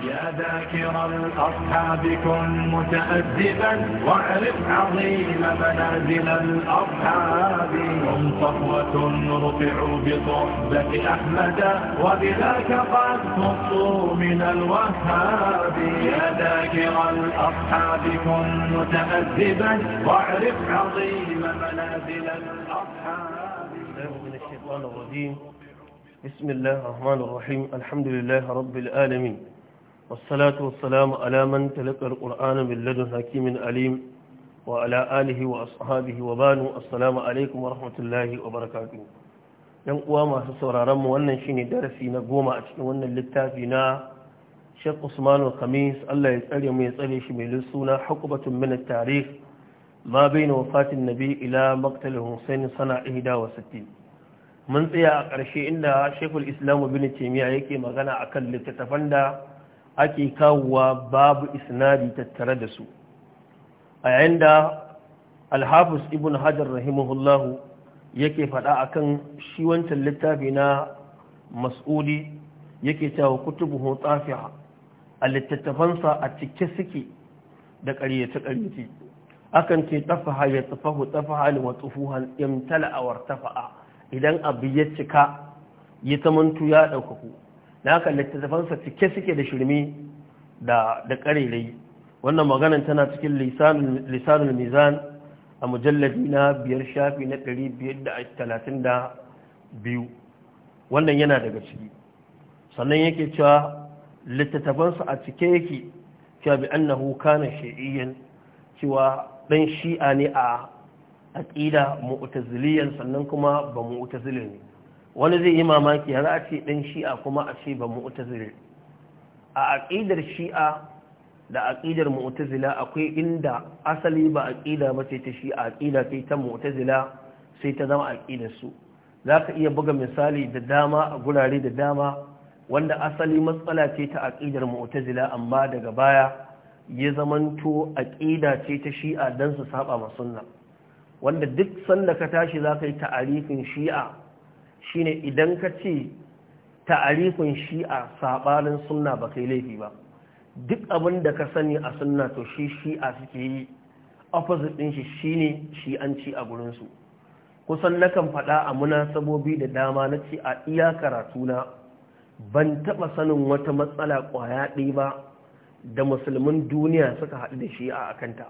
يا ذاكر الأصحاب كن متأدبا واعرف عظيم منازل الأصحاب هم صفوة رفعوا بصحبة أحمد وبذاك قد خصوا من الوهاب يا ذاكر الأصحاب كن متأدبا واعرف عظيم منازل الأصحاب من الشيطان الرجيم بسم الله الرحمن الرحيم الحمد لله رب العالمين والصلاة والسلام على من تلقى القرآن من لدن حكيم عليم وعلى آله وأصحابه وبانوا السلام عليكم ورحمة الله وبركاته yan uwa masu sauraron mu wannan shine darasi na goma a cikin wannan littafi na Sheikh Usman al-Khamis Allah ya tsare mu ya tsare shi mai suna Hukubatun min at ma wafatin Nabi ila maqtal Husayn sana 61 mun tsaya a ƙarshe inda shekul islamu bin taimiyya yake magana a kan littattafan da ake kawowa babu isnadi tattare da su a yayin da alhafis ibn hajar rahimahullahu yake faɗa a kan shi wancan littafi na mas'udi yake cewa kutubu tsafiya a littattafansa a cike suke da ƙaryace-ƙaryace akan ce tafaha ya tafahu tafaha ne tsufuhan imtala a wartafa'a idan abu ya cika ya zamantu ya ɗaukaku na kan littattafansa cike suke da shirme da ƙarerai wannan maganan tana cikin lisanul mizan a mujallabi na biyar shafi na da biyu. wannan yana daga ciki sannan yake cewa littattafansa a cike yake cewa bi annahu kana shi'iyyan cewa ɗan shi'a ne a aƙida mu'taziliyan sannan kuma ba mu'tazili ne wani zai yi mamaki har a ce dan shi'a kuma a ce ba mu'tazili a aƙidar shi'a da aƙidar mu'tazila akwai inda asali ba aƙida ba ce ta shi'a aƙida ce ta mu'tazila sai ta zama aƙidar su za ka iya buga misali da dama a gurare da dama wanda asali matsala ce ta aƙidar mu'tazila amma daga baya ya zamanto aƙida ce ta shi'a don su saba ma sunna wanda duk sanda ka tashi za ka yi ta'arifin shi'a shine idan ka ce ta'arifin shi'a saɓanin sunna ba kai laifi ba duk abin da ka sani a sunna to shi shi'a suke yi opposite ɗin shi shine shi'anci a gurinsu kusan na kan faɗa a munasabobi da dama na ce a iya karatuna ban taɓa sanin wata matsala ƙwaya ɗaya ba da musulmin duniya suka haɗu da shi'a a kanta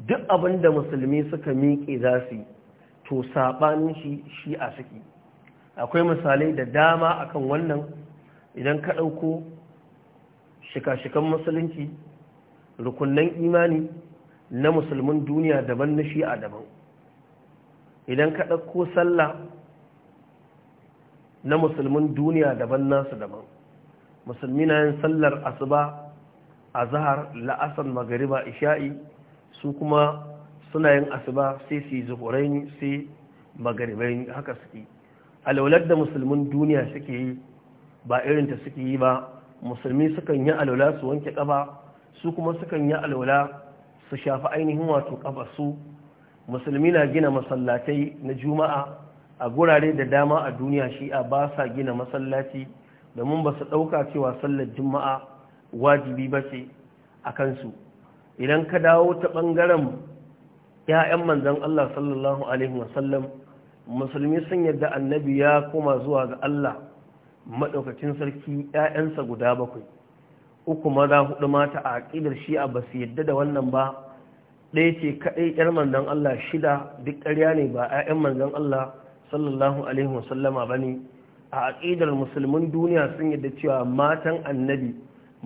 duk abin da musulmi suka miƙe za su yi to saɓanin shi shi a suke akwai misalai da dama akan wannan idan ka ɗauko shika-shikan musulunci rukunan imani na musulmin duniya daban na shi a daban idan ka ɗauko sallah na musulmin duniya daban nasu daban musulmi na yin sallar asuba a zahar la'asar magariba isha'i su kuma suna yin asuba sai su yi zuhuraini sai magaribai haka suke alaular da musulmin duniya suke yi ba irin ta suke yi ba musulmi sukan yi alaula su wanke kaba su kuma sukan yi alaula su shafi ainihin wato kaba su musulmi na gina masallatai na juma'a a gurare da dama a duniya shi'a ba sa gina masallaci domin ba su ɗauka cewa sallar juma'a wajibi ba ce a kansu idan ka dawo ta ɓangaren ‘ya'yan manzan Allah sallallahu Alaihi wasallam musulmi sun yadda annabi ya koma zuwa ga Allah maɗaukacin sarki ‘ya'yansa guda bakwai uku maza hudu mata a aƙidar shi'a ba su yadda da wannan ba ɗaya ce kaɗai ‘yar manzan Allah shida duk ƙarya ne ba ‘ya'yan manzan Allah sallallahu Alaihi wasallama ba ne a aƙidar musulmin duniya sun yadda cewa matan annabi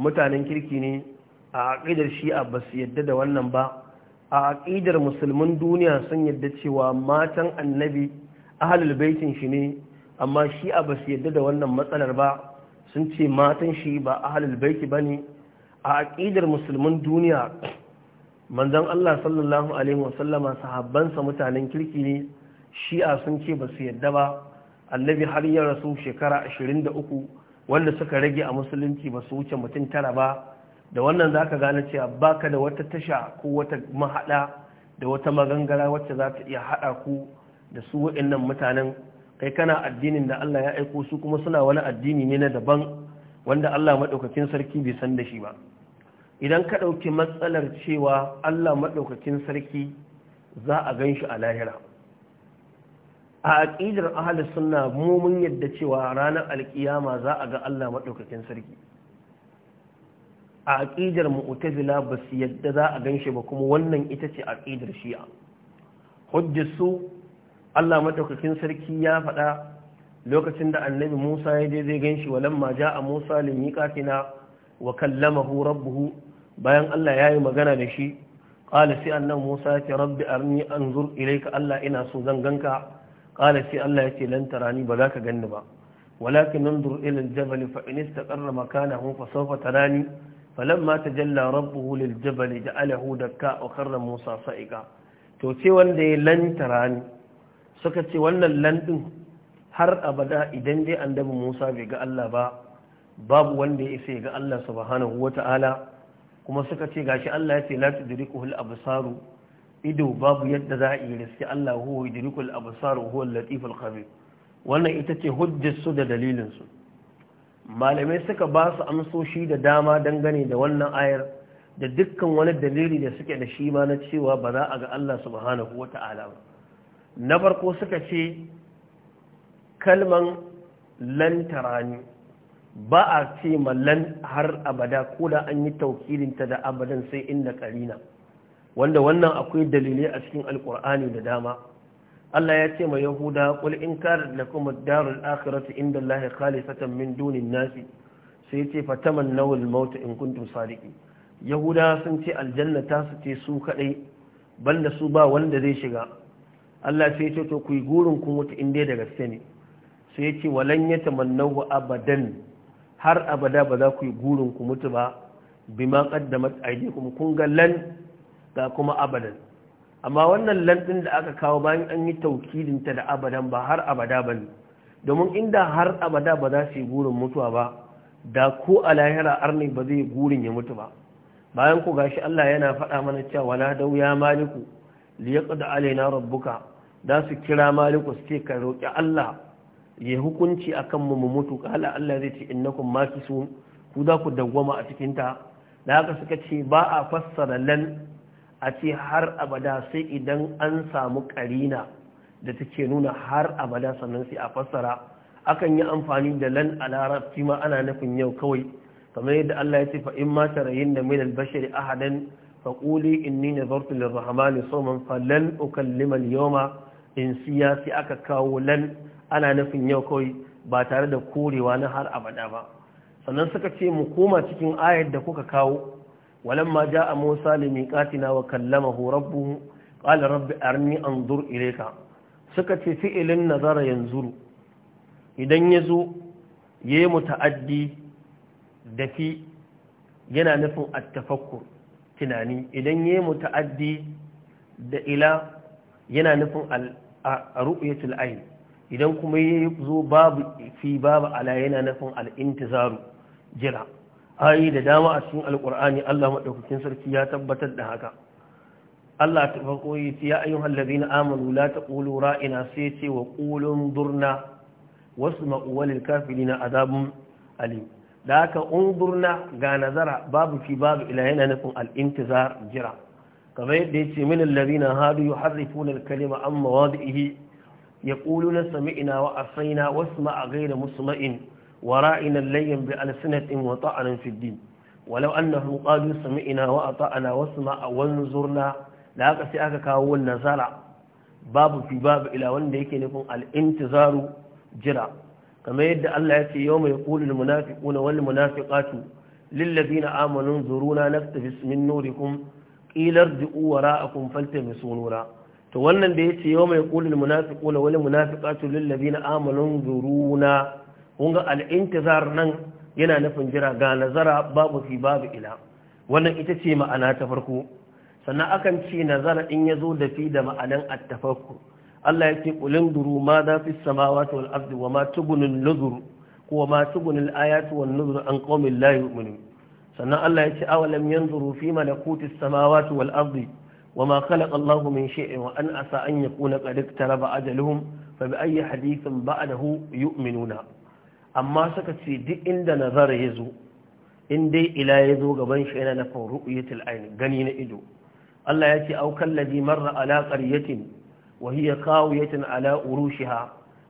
mutanen kirki ne a aƙidar shi'a ba su yadda da wannan ba a aƙidar musulmin duniya sun yadda cewa matan annabi ahalul baitin shi ne amma shi'a ba su yadda da wannan matsalar ba sun ce matan shi ba ahalul baiti ba ne a aƙidar musulmin duniya manzan Allah sallallahu alaihi wasallama sahabbansa mutanen kirki ne shi'a sun ce ba su yadda ba annabi har ya rasu shekara 23 wanda suka rage a musulunci ba su wuce mutum tara ba da wannan za ka gane cewa ba ka da wata tasha ko wata mahaɗa da wata magangara wacce za ta iya haɗa ku da su waɗannan mutanen kai kana addinin da Allah ya aiko su kuma suna wani addini ne na daban wanda Allah maɗaukakin sarki bai san da shi ba idan ka ɗauki matsalar cewa Allah maɗaukakin sarki za a gan shi a lahira a aƙidar ahalisunna suna yadda cewa ranar alƙiyama za a ga Allah maɗaukakin sarki a aƙidar mu'tazila ba su yadda za a ganshi ba kuma wannan ita ce aƙidar shi'a hujjarsu Allah madaukakin sarki ya faɗa lokacin da annabi Musa ya je zai ganshi walamma ja'a Musa limiqatina wa kallamahu rabbuhu bayan Allah ya yi magana da shi Ƙalasi sai annan Musa ya ce rabbi arni anzur ilayka Allah ina so zan ganka ƙala sai Allah ya ce lan tarani ba za ka ganni ba walakin nanzur ila aljabal fa in istaqarra makanahu fa sawfa tarani falamma hulil rabbuhu da alahu da dakka a karra musa sa’iga to ce wanda ya lanta rani. suka ce wannan ɗin, har abada idan dai daba Musa bai ga Allah ba babu wanda ya isa ga Allah subhanahu wata'ala kuma suka ce gashi Allah ya ce la tudrikuhu al ido babu yadda za a yi riski Allah huwa yudrikul absaru huwa al wannan ita ce hujjar da dalilinsu. malamai suka ba su amsoshi da dama dangane da wannan ayar da dukkan wani dalili da suke da shi ma na cewa ba za a ga Allah subhanahu wa ta'ala ba na farko suka ce kalman lantarani ba a ce lan har abada ko da an yi taukirinta da abadan sai inda karina wanda wannan akwai dalilai a cikin alkur'ani da dama Allah ya ce ma Yahuda kul in kar lakum ad-darul akhirati inda Allah khalisatan min dunin nasi sai ce fatamannaw al-maut in kuntum sadiqin Yahuda sun ce aljanna ta su ce su kadai banda su ba wanda zai shiga Allah sai ya ce to ku yi gurin ku mutu in dai da gaske ne sai ya ce walan yatamannaw abadan har abada ba za ku yi gurin ku mutu ba bima qaddamat aydikum kun ga lan ga kuma abadan amma wannan lantin da aka kawo bayan an yi taukidinta da abadan ba har abada ba ne domin inda har abada ba za su yi gurin mutuwa ba da ko a lahira arni ba zai gurin ya mutu ba bayan ku gashi Allah yana faɗa mana cewa wala dau ya maliku li yaqda alaina rabbuka da su kira maliku su ce ka roki Allah ya hukunci akan mu mu mutu hala Allah zai ce innakum makisun ku za ku dawwama a cikin ta da haka suka ce ba a fassara lan a ce har abada sai idan an samu karina da take nuna har abada sannan sai a fassara akan yi amfani da lan a larabci ma ana nufin yau kawai kamar yadda Allah ya ce fa in ma tarayin da milal bashari bashar ahadan fa quli inni nazartu lir-rahman sawman falan ukallima al in insiya sai aka kawo lan ana nufin yau kawai ba tare da korewa na har abada ba sannan suka ce mu koma cikin ayar da kuka kawo walamma ja a musa limiƙatina kallama kallamahu rabbu ƙala rabbi arni an zur ireka suka ce fi'ilin nazara yanzu idan ya zo ya yi mutaaddi da fi yana nufin attafakkur tunani idan ya yi mutaaddi da ila yana nufin ru'yatul ayn idan kuma ya zo babu fi babu ala yana nufin al'intizaru jira ayi da dama a cikin alkur'ani Allah madaukakin sarki ya tabbatar da haka Allah ta farko yi ya ayyuhal ladina amanu la taqulu ra'ina sai ce wa qulun durna wasma'u walil kafirina adabun alim da haka undurna ga nazara babu fi babu ila yana nufin al-intizar jira kamar yadda yace min alladhina hadu yuharrifuna al-kalima an mawadihi yaquluna sami'na wa asayna wasma'a ghayra musma'in ورائنا اللين بألسنة وطعنا في الدين ولو أنهم قالوا سمعنا وأطعنا واسمع وانظرنا لا قسي أكاكا والنزارع باب في باب إلى ونديك نكون الانتظار جرع كما يدى الله يأتي يوم يقول المنافقون والمنافقات للذين آمنوا انظرونا نكتبس من نوركم قيل ارجعوا وراءكم فالتمسوا نورا to wannan da ya ce yau mai kulil munafiquna wal munafiqatu lil ladina amanu zuruna Kunga ga al'intizar nan yana nufin jira ga nazara babu fi babu ila wannan ita ce ma'ana ta farko sannan akan ce nazara in ya zo da fi da ma'anan Attafarku. Allah ya ce ƙulin duru ma za fi samawati wal ardi wa ma tugunul nuzur ko ma tugunul ayatu wan nuzur an qaumin layu, yu'minun sannan Allah ya ce awalam yanzuru fi malakutis samawati wal ardi وما خلق الله من شيء وأن أسى أن يكون قد اقترب أجلهم فبأي حديث بعده يؤمنون amma suka ce duk inda nazara ya zo in dai ila ya zo gaban shi yana nufin ru'uyatul ayn gani na ido Allah ya ce au kallazi marra ala qaryatin wa hiya qawiyatin ala urushiha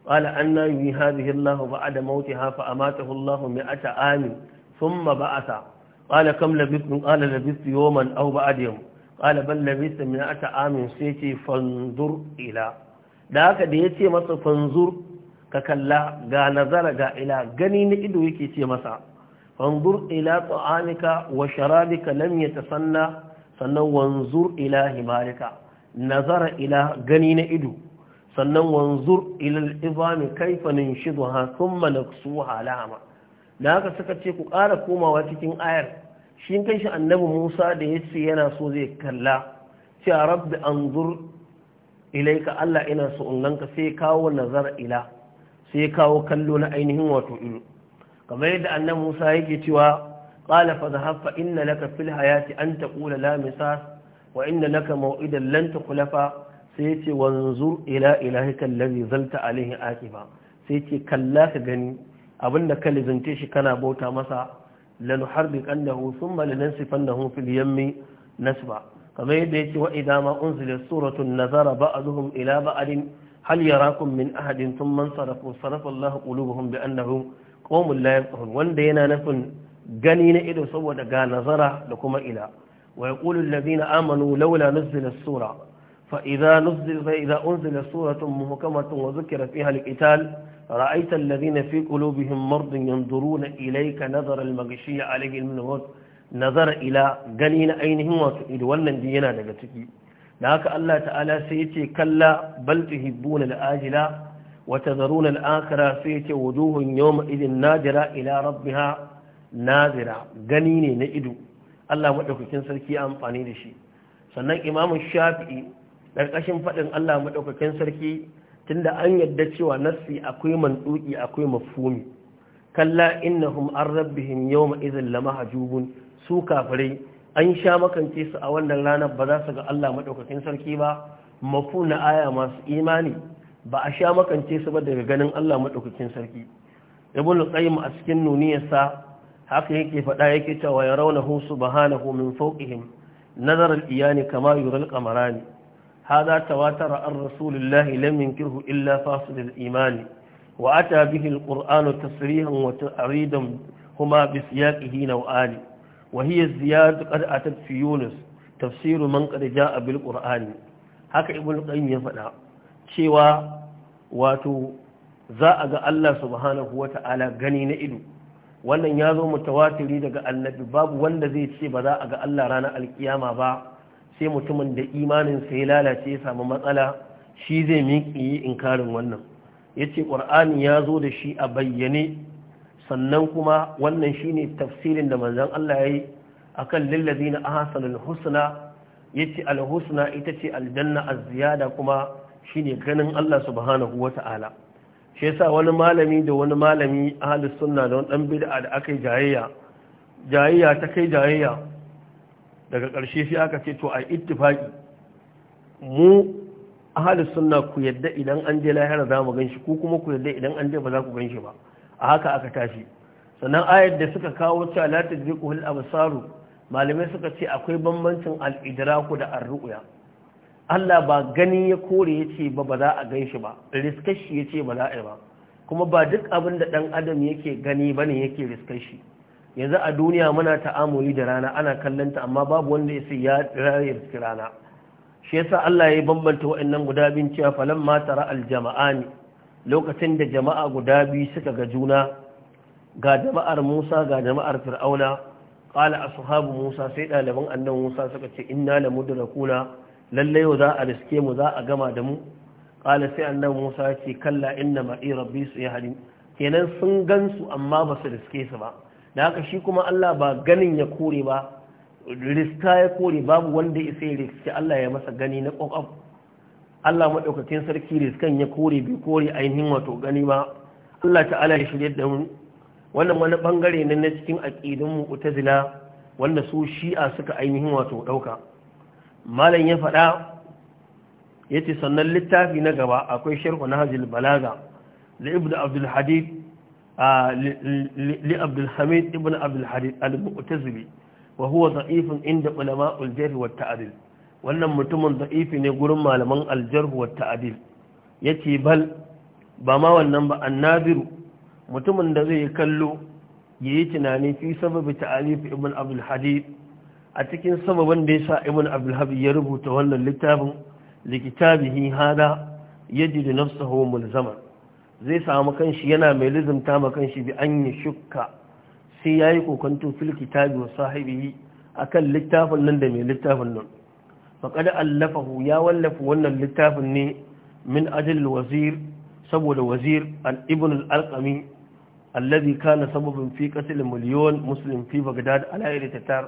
qala anna yuhyi hadhihi Allahu ba'da mautiha fa amatahu Allahu mi'ata amin thumma ba'atha qala kam labithtum qala labithtu yawman aw ba'da yawm qala bal labithtu mi'ata amin sai ce fanzur ila da haka da yace masa fanzur ka kalla ga nazara ga ila gani na ido yake ce masa wanzur ila ta'amika wa sharabika lam sanna sannan wanzur ila himarika nazara ila gani na ido sannan wanzur ila al-izami kayfa ninshidha thumma naksuha lahama da haka suka ce ku ƙara komawa cikin ayar shi kanshi annabi Musa da yace yana so zai kalla cewa rabbi anzur ilaika Allah ina so in sai kawo nazara ila sai ya kawo kallo na ainihin wato ido kamar yadda annan musa yake cewa ƙala fa zahab fa inna laka fil hayati an ta la misas wa inna laka maw'idan lan tukhlafa sai ya ce wanzur ila ilahika allazi zalta alaihi akifa sai ya ce kalla ka gani abinda ka lizance shi kana bauta masa lanu harbi kannahu thumma lanansifannahu fil yammi nasba kamar yadda yace wa idama unzilat suratun nazara ba'dhum ila ba'din hal yarakum min ahadin thumma sarafu sarafa Allah qulubuhum bi annahum qawmun la yafqahun wanda yana nufin gani na ido saboda ga nazara da kuma ila wa yaqulu alladhina amanu laula nuzila as-sura fa idza nuzila fa idza unzila suratun muhkamatun wa dhukira fiha al-qital ra'aita alladhina fi qulubihim maradun yanzuruna ilayka nazara al-maghshiya alayhi min nawt nazara ila gani na ainihin wato ido wannan din yana daga ciki da haka Allah ta'ala sai yace kalla bal tuhibbuna al-ajila wa tadharuna al-akhira ya yace wuduhun yawma idin nadira ila rabbiha nazira gani ne na ido Allah Maɗaukakin sarki amfani da shi sannan Imamin shafi'i ƙarƙashin faɗin Allah Maɗaukakin sarki tunda an yadda cewa nassi akwai manduki akwai mafumi. kalla innahum an rabbihim yawma idhin lamahjubun su kafirai an sha makance su a wannan ranar ba za su ga Allah maɗaukakin sarki ba mafu na aya masu imani ba a sha makance su ba daga ganin Allah maɗaukakin sarki ibn qayyim a cikin nuniyarsa haka yake faɗa yake cewa ya raunahu subhanahu min fawqihim nazar al-iyani kama yura qamarani hada tawatara an rasulillahi lam yunkirhu illa fasil al-iman wa ata bihi al-qur'anu tasrihan wa ta'ridan huma bi siyaqihi naw'ani وهي الزيادة قد أتت في يونس تفسير من قد جاء بالقران haka ابن القيم ya faɗa cewa wato za a ga Allah subhanahu wata'ala gani na ido wannan ya zo mutawatiri daga annabi babu wanda zai ce ba za a ga Allah ranar alkiyama ba sai mutumin da imanin sai lalace ya samu matsala shi zai miƙi inkarin wannan yace qur'ani ya zo da shi a bayyane sannan kuma wannan shi ne tafsirin da manzan Allah ya yayi akan lillazina ahsanul husna yace alhusna ita ce aljanna a ziyada kuma shi ne ganin Allah subhanahu wata'ala shi yasa wani malami da wani malami ahlus sunna da wani dan bid'a da aka yi jayayya jayayya ta kai jayayya daga ƙarshe shi aka ce to a ittifaki mu ahlus sunna ku yadda idan an je lahira za mu ganshi ko kuma ku yadda idan an je ba za ku ganshi ba a haka aka tashi sannan ayar da suka kawo cewa la al absaru malamai suka ce akwai bambancin al-idraku da ar-ru'ya Allah ba gani ya kore yace ba ba za a ganshi ba riskashi yace ba za a yi ba kuma ba duk abin da dan adam yake gani bane yake shi. yanzu a duniya muna ta'amuli da rana ana kallanta amma babu wanda ya sai ya riski rana shi yasa Allah ya bambanta wa'annan guda bin cewa falamma tara al-jama'ani lokacin da jama'a guda biyu suka ga juna ga jama'ar Musa ga jama'ar Fir'auna qala ashabu Musa sai ɗaliban annan Musa suka ce inna mudrakuna lalle yau za a riske mu za a gama da mu qala sai annan Musa ya ce kalla inna ma'i rabbi su hadin. kenan sun gansu amma ba su riske su ba dan haka shi kuma Allah ba ganin ya kore ba riska ya kore babu wanda ya sai Allah ya masa gani na ƙwaƙwaf Allah maɗaukakin sarki da riskan ya kore bai kore ainihin wato gani ba Allah ta'ala ya shirya da mu wannan wani bangare ne na cikin aqidun mu'tazila wanda su shi'a suka ainihin wato ɗauka. malam ya faɗa yace sannan littafi na gaba akwai sharh nahjul balaga da ibnu abdul hadid li abdul hamid ibnu abdul hadid al-mu'tazili wa huwa inda ulama al wa ta'dil wannan mutumin da'ifi ne gurin malaman aljarhu wa ta'adil ce bal ba ma wannan ba annabiru mutumin da zai kallo ya yi tunani fi sababi ta'alif ibn abdul a cikin sababin da ya sa ibn abdul habib ya rubuta wannan littafin likitabihi hada nafsa nafsuhu zama. zai samu kanshi yana mai lizimta ma kanshi bi an yi shukka sai ya yayi kokanto fil kitabi wa sahibihi akan littafin nan da mai littafin nan faƙad allafahu ya wallafa wannan littafin ne min ajil wazir saboda wazir al-ibn al kana sababin fi qatl miliyon muslim fi bagdad ala yadi tatar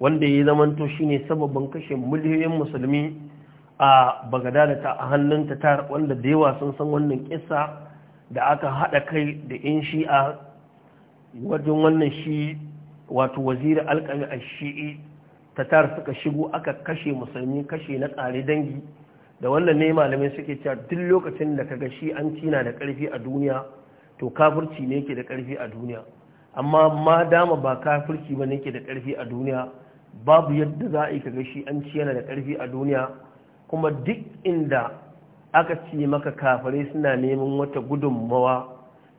wanda ya zamanto shine sababin kashe miliyoyin musulmi a bagdad ta a hannun tatar wanda da yawa sun san wannan kisa da aka hada kai da in shi'a wajen wannan shi wato wazir alqami a shii tatar suka shigo aka kashe musulmi kashe na tsare dangi da wannan ne malamai suke cewa duk lokacin da kaga shi an cina da karfi a duniya to kafirci ne yake da karfi a duniya amma ma dama ba kafirci ba ne yake da karfi a duniya babu yadda za a yi kaga shi an ci yana da karfi a duniya kuma duk inda aka ci maka kafirai suna neman wata gudunmawa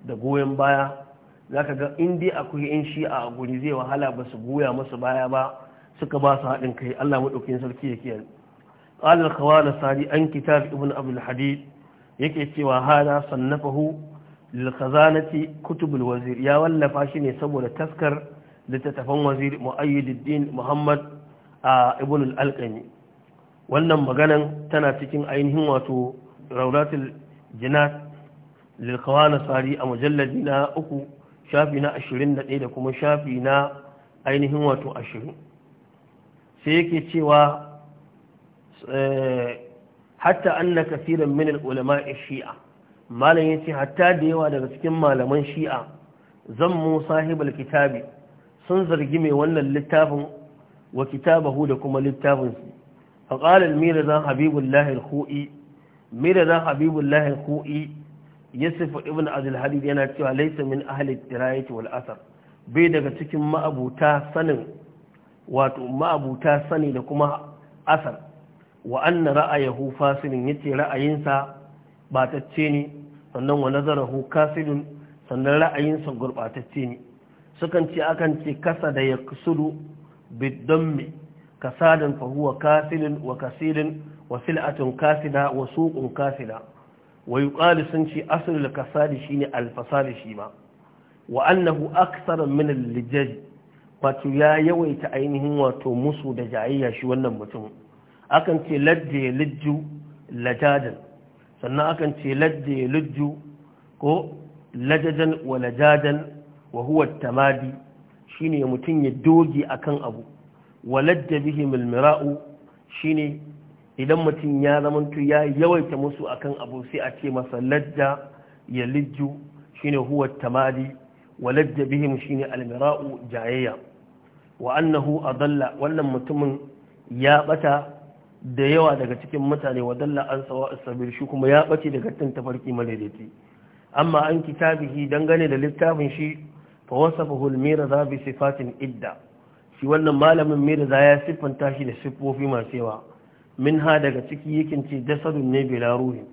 da goyon baya za ka ga dai akwai yin shi a guri zai wahala ba su goya masu baya ba suka ba su haɗin kai Allah maɗaukin sarki ya kiyaye قال الخوالصاري عن كتاب ابن أبي الحديد yake cewa hada sannafahu lil kutubul wazir ya wallafa shi ne saboda taskar littattafan wazir muayyiduddin muhammad ibn al wannan maganan tana cikin ainihin wato rauratul jinat lil khawalasari a mujalladi na uku shafi na 21 da kuma shafi na ainihin wato ashirin. sai yake cewa eh, hatta anna kafiran min ulama shi'a malam ya ce hatta da yawa daga cikin malaman shi'a zammu sahibul kitabi sun zargi mai wannan littafin wa kitabahu da kuma littafin su fa qala al-mirzan habibullahi al-khu'i mirzan habibullahi al-khu'i yasif ibn abdul yana cewa laysa min ahli al-dirayati wal asar bai daga cikin ma'abuta sanin wato ma'abuta sani da kuma asar wa anna ra'ayahu fasilin ce ra'ayinsa batacce ne sannan wa nazarahu kasirin sannan ra'ayinsa gurbatacce ne sukan ce akan ce kasa da kusuru bidammi kasadan kasadin fahuwa wa kasirin wa sil'atun kasida wa sukun kasida wa yuqalu sun ce asirin kasadi shine ne fasadi shi ma wa annahu aktsara min al wato ya yawaita ainihin wato musu da jayayya shi wannan mutum akan ce ladde lujju lajadan sannan akan ce ladde lujju ko lajajan wa lajadan wa huwa tamadi shine mutum ya doge akan abu wa ladda bihi milmira'u shine idan mutum ya zamantu ya yawaita musu akan abu sai a ce masa ladda ya lujju shine huwa tamadi walajja bihim shine almira'u jayayya wa annahu adalla wannan mutumin ya bata da yawa daga cikin mutane wa dalla an sawa asabir shi kuma ya bace daga tun tafarki madaidaiti amma an kitabihi dangane da littafin shi fa wasafahu almirza bi sifatin idda shi wannan malamin miraza ya siffanta shi da siffofi masu yawa ha daga ciki yakin ce jasadun ne bila ruhi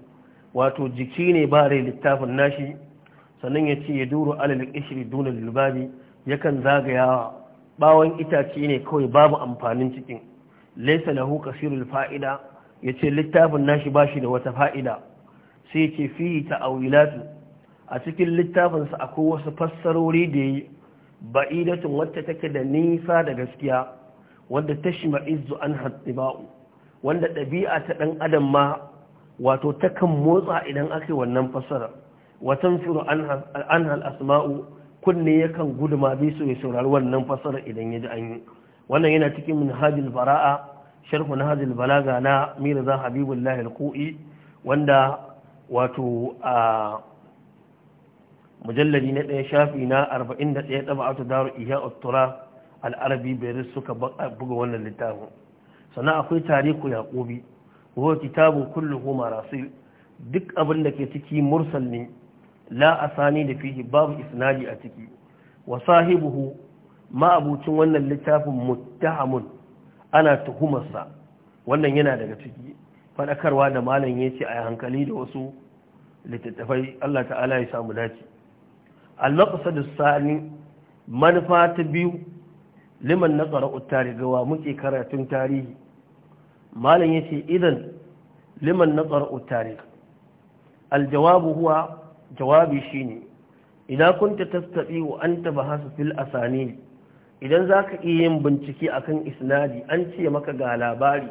wato jiki ne ba rai littafin nashi sannan ya ce ya duru alal ishri duna lubabi yakan zagaya bawon itace ne kawai babu amfanin cikin laisa lahu kasirul fa'ida yace littafin nashi ba shi da wata fa'ida sai ta fihi ta'awilatu a cikin littafinsa akwai wasu fassarori da yi ba'idatun wacce take da nisa da gaskiya wanda tashma izzu an hattiba'u wanda ɗabi'a ta ɗan adam ma wato takan motsa idan aka yi wannan fassarar. watan firu an asma'u kunne yakan guduma bi so ya saurari wannan fasara idan ya ji an yi wannan yana cikin minhajul bara'a sharhu nahajul balaga na mirza habibullahi alqui wanda wato a mujalladi na ɗaya shafi na 41 tabatu daru iya uttura al-arabi suka buga wannan littafin sannan akwai tarihu yaqubi huwa kitabu kulluhu marasil duk abin da ke ciki mursal ne la asani da fihi babu isnadi a ciki wa sahibuhu ma'abucin wannan littafin muttahamun ana tuhumarsa wannan yana daga ciki faɗakarwa da malam ya ce a hankali da wasu littattafai Allah ta'ala ya samu dace al-maqsad sani manufa ta biyu liman naqara at-tarikh wa muke karatun tarihi malam yace idan liman naqara at-tarikh al-jawab huwa jawabi shine idan kunta tastabi wa anta bahasu fil asani idan zaka iya yin bincike akan isnadi an ce maka ga labari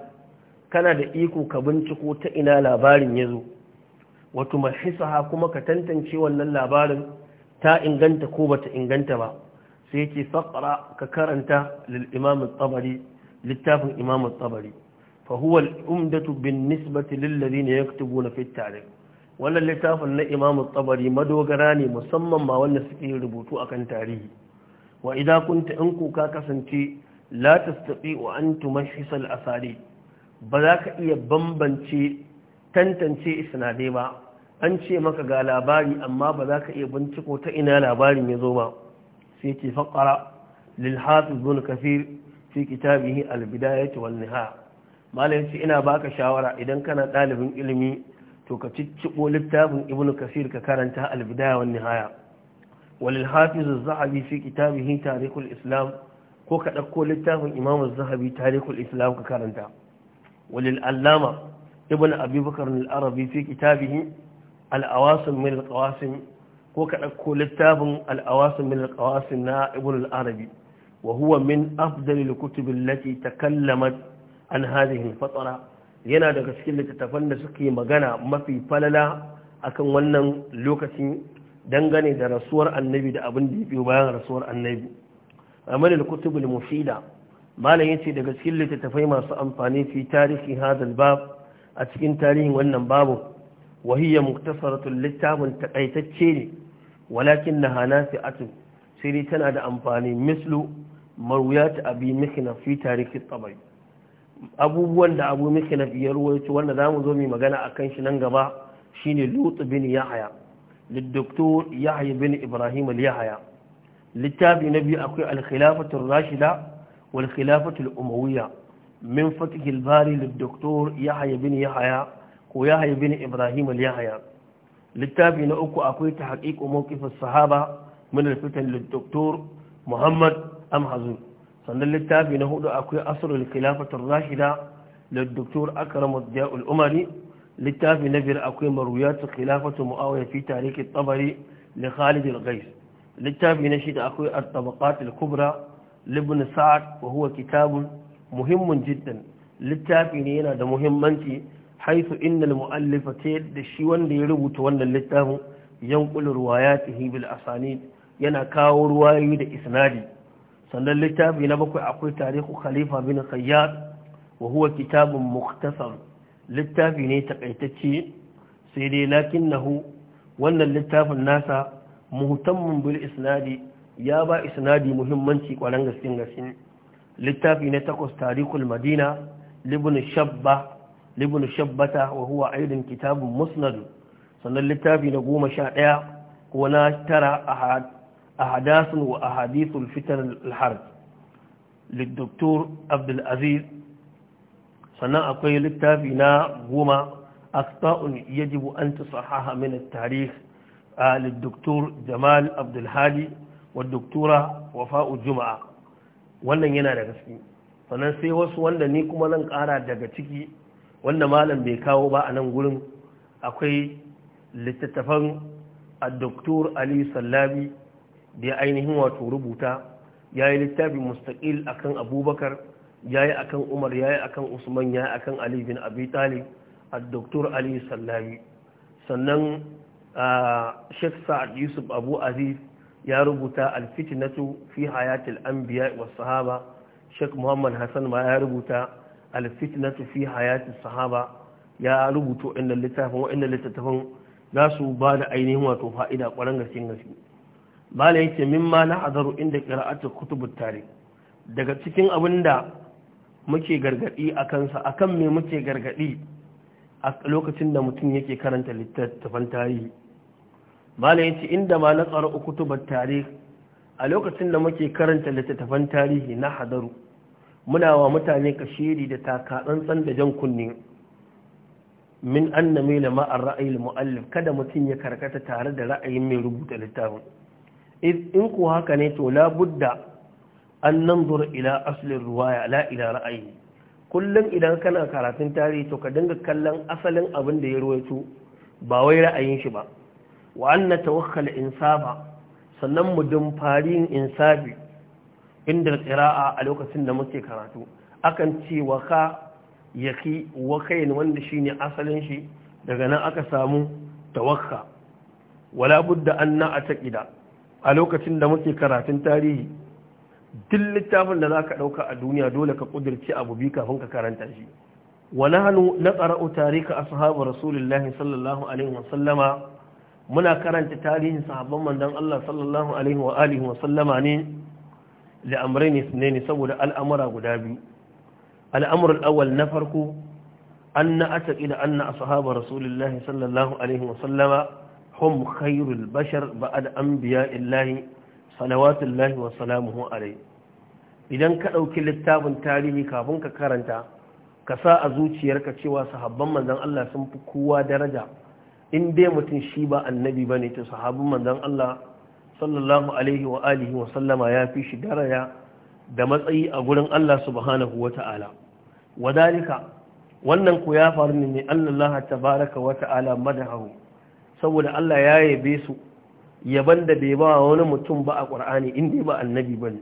kana da iko ka binciko ta ina labarin ya zo wato tumahisaha kuma ka tantance wannan labarin ta inganta ko bata inganta ba sai yake faqra ka karanta littafin imam tsabari tabari fa huwa al-umdatu bin nisbati lil ladina yaktubuna fi at wannan littafin na imamu tsabari madogara ne musamman ma wanda suke rubutu a kan tarihi wa idan kunta in kuka kasance la tastati wa antum hisal asari ba za ka iya bambance tantance isnadai ba an ce maka ga labari amma ba za ka iya binciko ta ina labarin ya zo ba sai ke faƙara lil hafiz kafir fi kitabihi albida bidayah wal nihaya malai ce ina baka shawara idan kana ɗalibin ilimi to ka cicciɓo littafin ibn kasir ka karanta albidaya wani haya walil hafizu zahabi fi kitabihi tarihul islam ko ka ɗauko littafin imam zahabi tarihul islam ka karanta walil allama ibn abubakar al-arabi fi kitabihi al-awasim min al-qawasim ko ka ɗauko littafin al-awasim min al-qawasim na ibn al-arabi wa huwa min afdalil kutubil lati takallamat an hadhihi al-fatara yana daga cikin littattafan da suke magana mafi falala akan wannan lokacin dangane da rasuwar annabi da abin da ya biyo bayan rasuwar annabi amal al-kutubul mufida malam yace daga cikin littattafai masu amfani fi tarihi hadal bab a cikin tarihin wannan babu wahiyya muktasaratul littafin takaitacce ne walakin naha nafi'atu sai tana da amfani mislu marwiyat abi mikna fi tarihi tabai abubuwan da abu miki na biyar wanda za mu zo mai magana a kan shi nan gaba shine lutu bin yahaya liddoktor yahaya bin ibrahim al-yahaya littafi na biyu akwai alkhilafatun rashida wal umawiya umawiyya min fatih bari liddoktor yahaya bin yahaya ko yahaya bin ibrahim al-yahaya littafi na uku akwai ta mawqif as-sahaba min al-fitan muhammad amhazur sannan littafi na hudu akwai asrul khilafatar rashida da doktor akram al umari littafi na biyar akwai maruyatu khilafatu muawiya fi tarikh at-tabari li khalid littafi na shida akwai at kubra libn sa'ad wa huwa kitabun muhimmin jiddan littafi ne yana da muhimmanci haisu innal mu'allifa ta da shi wanda ya rubuta wannan littafin yankulu ruwayatihi bil asanid yana kawo ruwayoyi da isnadi sannan littafi na bakwai akwai tarihu khalifa bin khayyar wa huwa kitabun muktasar littafi ne takaitacce sai dai nahu wannan littafin nasa muhtammin bil isnadi ya ba isnadi muhimmanci kwaran gaskin gaskin littafi na takwas tarihul madina libn shabba shabbata wa huwa aidan kitabun musnad sannan littafi na goma sha ɗaya ko na tara a أحداث وأحاديث الفتن الحرب للدكتور عبد العزيز سنة أقوي للتابعنا هما أخطاء يجب أن تصححها من التاريخ للدكتور جمال عبد الهادي والدكتورة وفاء الجمعة wannan yana da gaske sannan sai wasu wanda ni kuma nan kara daga ciki wanda malam bai kawo ba a nan gurin akwai littattafan a doktor ali sallabi da ya ainihin wato rubuta ya yi littafi mustaƙil akan abubakar ya yi akan umar ya yi akan usman ya yi akan ali bin abi talib a doktor ali sallami sannan sheikh sa'ad yusuf abu aziz ya rubuta alfitinatu fi hayatil anbiya wa sahaba sheikh muhammad hassan ma ya rubuta alfitinatu fi hayatil sahaba ya rubuta inda littafin inda littattafan za su ba da ainihin wato fa'ida ƙwarar gaske gaske bala yake mimma na hazaru inda qira'atu kutubut tare daga cikin abinda muke gargadi akan sa akan me muke gargadi a lokacin da mutum yake karanta littattafan tarihi bala yake inda ma na tsaro kutubut tare a lokacin da muke karanta littattafan tarihi na hadaru muna wa mutane kashiri da taka takatsantsan da jan kunne min annamila ma'ar ra'ayi mu'allif kada mutum ya karkata tare da ra'ayin mai rubuta littafin in ku haka ne to labudda an nan zura ila asalin ruwaya la ila ra'ayi kullum idan kana karatun tarihi to ka dinga kallon asalin abin da ya ruwaito ba wai ra'ayin shi ba wa anna tawakkal insaba sannan mu dumfari yin insabi inda qira'a a lokacin da muke karatu akan ce wa ka yaki wa kayin wanda shine asalin shi daga nan aka samu tawakka wala budda an na taƙida a lokacin da muke karatun tarihi duk littafin da za ka ɗauka a duniya dole ka ƙudurci abu bi kafin ka karanta shi wani hannu na ƙara'u tarika ashabu rasulullahi sallallahu alaihi wasallama muna karanta tarihin sahabban mandan Allah sallallahu alaihi wa alihi wasallama ne da amrini ne ne saboda al'amura guda biyu al'amurul awal na farko an na ataƙi da an na ashabu rasulullahi sallallahu alaihi wasallama Hom khairul bashar ba'ad anbiya illahi salawatullahi wa salamuhu alayhi idan ka dauki littafin tarihi kafin ka karanta ka sa a zuciyarka cewa sahabban manzon Allah sun fi kowa daraja in dai mutum shi ba annabi bane to sahabban manzon Allah sallallahu alaihi wa alihi wa sallama ya fi shi daraja da matsayi a gurin Allah subhanahu ta'ala. Wadalika, wannan ku ya faru ne Allah tabaraka Wata'ala. ta'ala saboda Allah ya yabe su yaban da bai ba wani mutum ba a ƙur'ani inda ba annabi ne.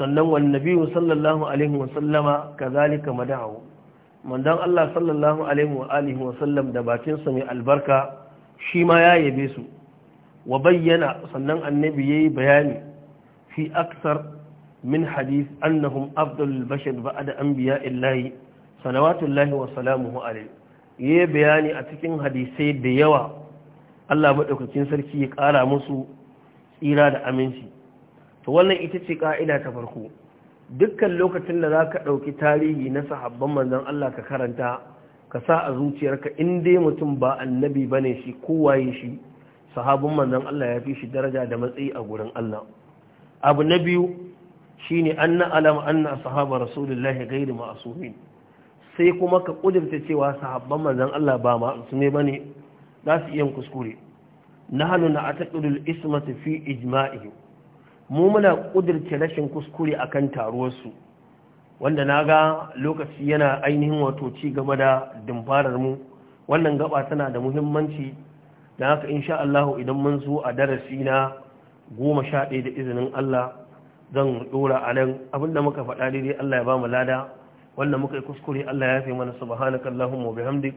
sannan wani nabi sallallahu alaihi wa sallama kazalika madahu mandan Allah sallallahu alaihi wa alihi sallam da bakin sa mai albarka shi ma ya yabe su wa bayyana sannan annabi yayi bayani fi aksar min hadith annahum afdalul bashar ba'da anbiya'illahi salawatullahi wa salamuhu alaihi yayi bayani a cikin hadisai da yawa Allah maɗaukakin sarki ya ƙara musu tsira da aminci to wannan ita ce ƙa'ida ta farko dukkan lokacin da za ka ɗauki tarihi na sahabban manzan Allah ka karanta ka sa a zuciyarka in dai mutum ba annabi ba ne shi kowaye shi sahabin manzan Allah ya fi shi daraja da matsayi a gurin Allah abu na biyu shi ne an na alama an na sahaba rasulullahi gairi ma'asumin sai kuma ka ƙudurta cewa sahabban manzan Allah ba ma'asume ba ne za su iya kuskure na a taɗaɗul ismatu fi ijma'i mu muna ƙudurce rashin kuskure a kan taruwarsu wanda ga lokaci yana ainihin wato ci gaba da dimfarar mu wannan gaba tana da muhimmanci da haka insha Allah idan mun zo a darasi na goma sha ɗaya da izinin Allah zan ɗora a nan abinda muka faɗa daidai Allah ya ba mu lada wanda muka yi kuskure Allah ya fi mana subhanakallahumma wa bihamdika